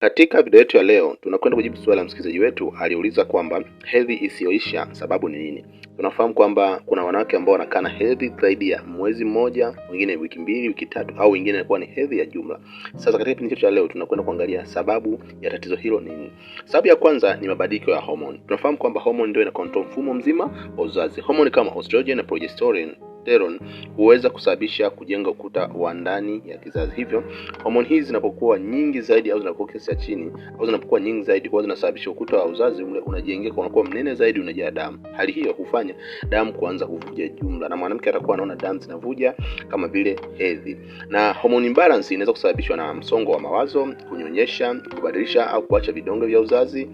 Katika video yetu ya leo tunakwenda kujibu swali la msikilizaji wetu aliuliza kwamba hedhi isiyoisha sababu ni nini? Tunafahamu kwamba kuna wanawake ambao wanakaa na hedhi zaidi ya mwezi mmoja, wengine wiki mbili, wiki tatu, au wengine inakuwa ni hedhi ya jumla. Sasa katika kipindi chetu cha leo tunakwenda kuangalia sababu ya tatizo hilo ni nini. Sababu ya kwanza ni mabadiliko ya homoni. Tunafahamu kwamba homoni ndio inakontrol mfumo mzima wa uzazi. Homoni kama estrogen na progesterone testosterone huweza kusababisha kujenga ukuta wa ndani ya kizazi. Hivyo homoni hizi zinapokuwa nyingi zaidi au zinapokuwa kiasi cha chini au zinapokuwa nyingi zaidi, huwa zinasababisha ukuta wa uzazi ule unajengeka, unakuwa mnene zaidi, unajaa damu. Hali hiyo hufanya damu kuanza kuvuja jumla, na mwanamke atakuwa anaona damu zinavuja kama vile hedhi. Na hormone imbalance inaweza kusababishwa na msongo wa mawazo, kunyonyesha, kubadilisha au kuacha vidonge vya uzazi,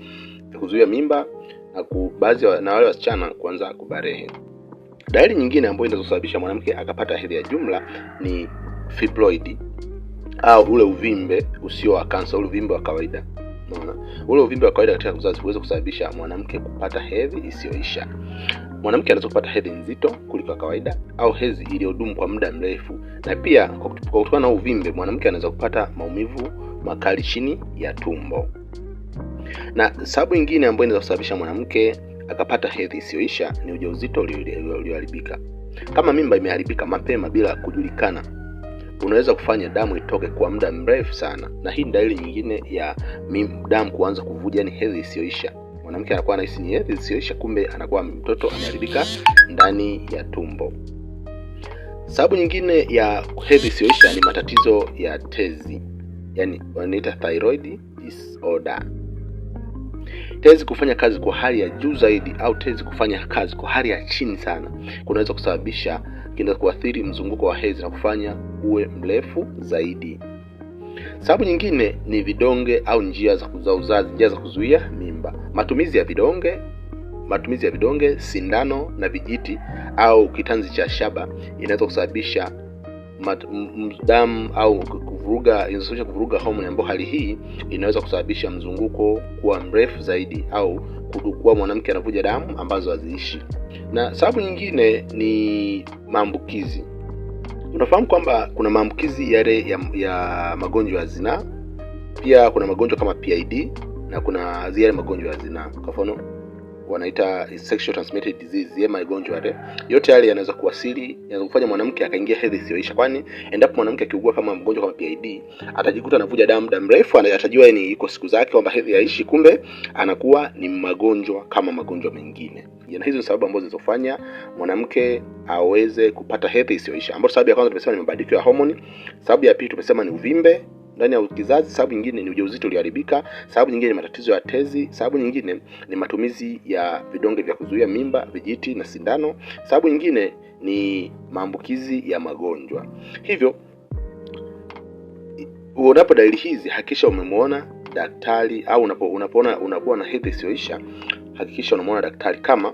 kuzuia mimba na baadhi na wale wasichana kuanza kubarehe. Dalili nyingine ambayo inazosababisha mwanamke akapata hedhi ya jumla ni fibroid au ule uvimbe usio wa kansa, ule uvimbe wa kawaida. Unaona, ule uvimbe wa kawaida katika uzazi huweza kusababisha mwanamke kupata hedhi isiyoisha. Mwanamke anaweza kupata hedhi nzito kuliko kawaida au hedhi iliyodumu kwa muda mrefu, na pia kwa kutokana na uvimbe, mwanamke anaweza kupata maumivu makali chini ya tumbo. Na sababu nyingine ambayo inaweza kusababisha mwanamke akapata hedhi isiyoisha ni ujauzito ulioharibika. Kama mimba imeharibika mapema bila kujulikana, unaweza kufanya damu itoke kwa muda mrefu sana, na hii ni dalili nyingine ya damu kuanza kuvuja, ni hedhi isiyoisha. Mwanamke anakuwa anahisi ni hedhi isiyoisha, kumbe anakuwa mtoto ameharibika ndani ya tumbo. Sababu nyingine ya hedhi isiyoisha ni matatizo ya tezi, yani wanaita thyroid disorder tezi kufanya kazi kwa hali ya juu zaidi au tezi kufanya kazi kwa hali ya chini sana kunaweza kusababisha, kinaweza kuathiri mzunguko wa hezi na kufanya uwe mrefu zaidi. Sababu nyingine ni vidonge au njia za uzazi, njia za kuzuia mimba, matumizi ya vidonge matumizi ya vidonge, sindano na vijiti au kitanzi cha shaba inaweza kusababisha damu au kuvuruga inasababisha kuvuruga homoni ambayo hali hii inaweza kusababisha mzunguko kuwa mrefu zaidi au kuwa mwanamke anavuja damu ambazo haziishi. Na sababu nyingine ni maambukizi. Unafahamu kwamba kuna maambukizi yale ya, ya magonjwa ya zinaa, pia kuna magonjwa kama PID na kuna yale magonjwa ya zinaa, kwa mfano wanaita sexual transmitted disease yema igonjwa yale yote yale yanaweza kuwasili, yanaweza kufanya mwanamke akaingia hedhi isiyoisha, kwani endapo mwanamke akiugua kama mgonjwa kama PID atajikuta anavuja damu muda mrefu, atajua ni iko siku zake kwamba hedhi haishi, kumbe anakuwa ni magonjwa kama magonjwa mengine. Na hizo ni sababu ambazo zinazofanya mwanamke aweze kupata hedhi isiyoisha, ambao sababu ya kwanza tumesema ni mabadiliko ya homoni, sababu ya pili tumesema ni uvimbe ndani ya kizazi. Sababu nyingine ni ujauzito uliharibika, sababu nyingine ni matatizo ya tezi, sababu nyingine ni matumizi ya vidonge vya kuzuia mimba, vijiti na sindano, sababu nyingine ni maambukizi ya magonjwa. Hivyo unapo dalili hizi, hakikisha umemwona daktari au unapo, unapoona unakuwa na hedhi isiyoisha, hakikisha unamwona daktari kama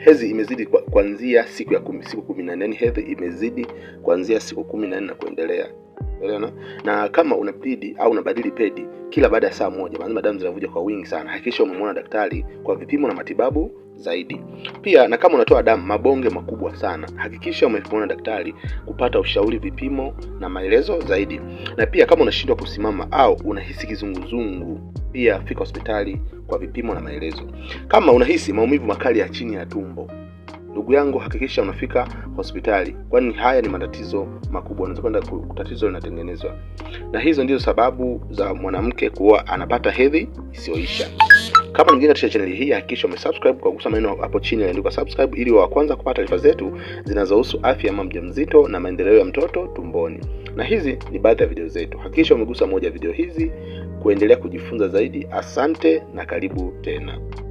hedhi imezidi kuanzia siku ya kumi, siku kumi na nne, yani hedhi imezidi kuanzia siku kumi na nne na kuendelea. Elewana? Na kama una au unabadili pedi kila baada ya saa moja, maana damu zinavuja kwa wingi sana, hakikisha umemwona daktari kwa vipimo na matibabu zaidi. Pia na kama unatoa damu mabonge makubwa sana, hakikisha umemwona daktari kupata ushauri, vipimo na maelezo zaidi. Na pia kama unashindwa kusimama au unahisi kizunguzungu, pia fika hospitali kwa vipimo na maelezo. Kama unahisi maumivu makali ya chini ya tumbo ndugu yangu hakikisha unafika hospitali kwani haya ni matatizo makubwa unaweza kwenda tatizo linatengenezwa na hizo ndizo sababu za mwanamke kuwa anapata hedhi isiyoisha kama ni katika chaneli hii hakikisha umesubscribe kwa kugusa maneno hapo chini yanaandikwa subscribe ili wa kwanza kupata taarifa zetu zinazohusu afya ya mama mzito na maendeleo ya mtoto tumboni na hizi ni baadhi ya video zetu hakikisha umegusa moja video hizi kuendelea kujifunza zaidi asante na karibu tena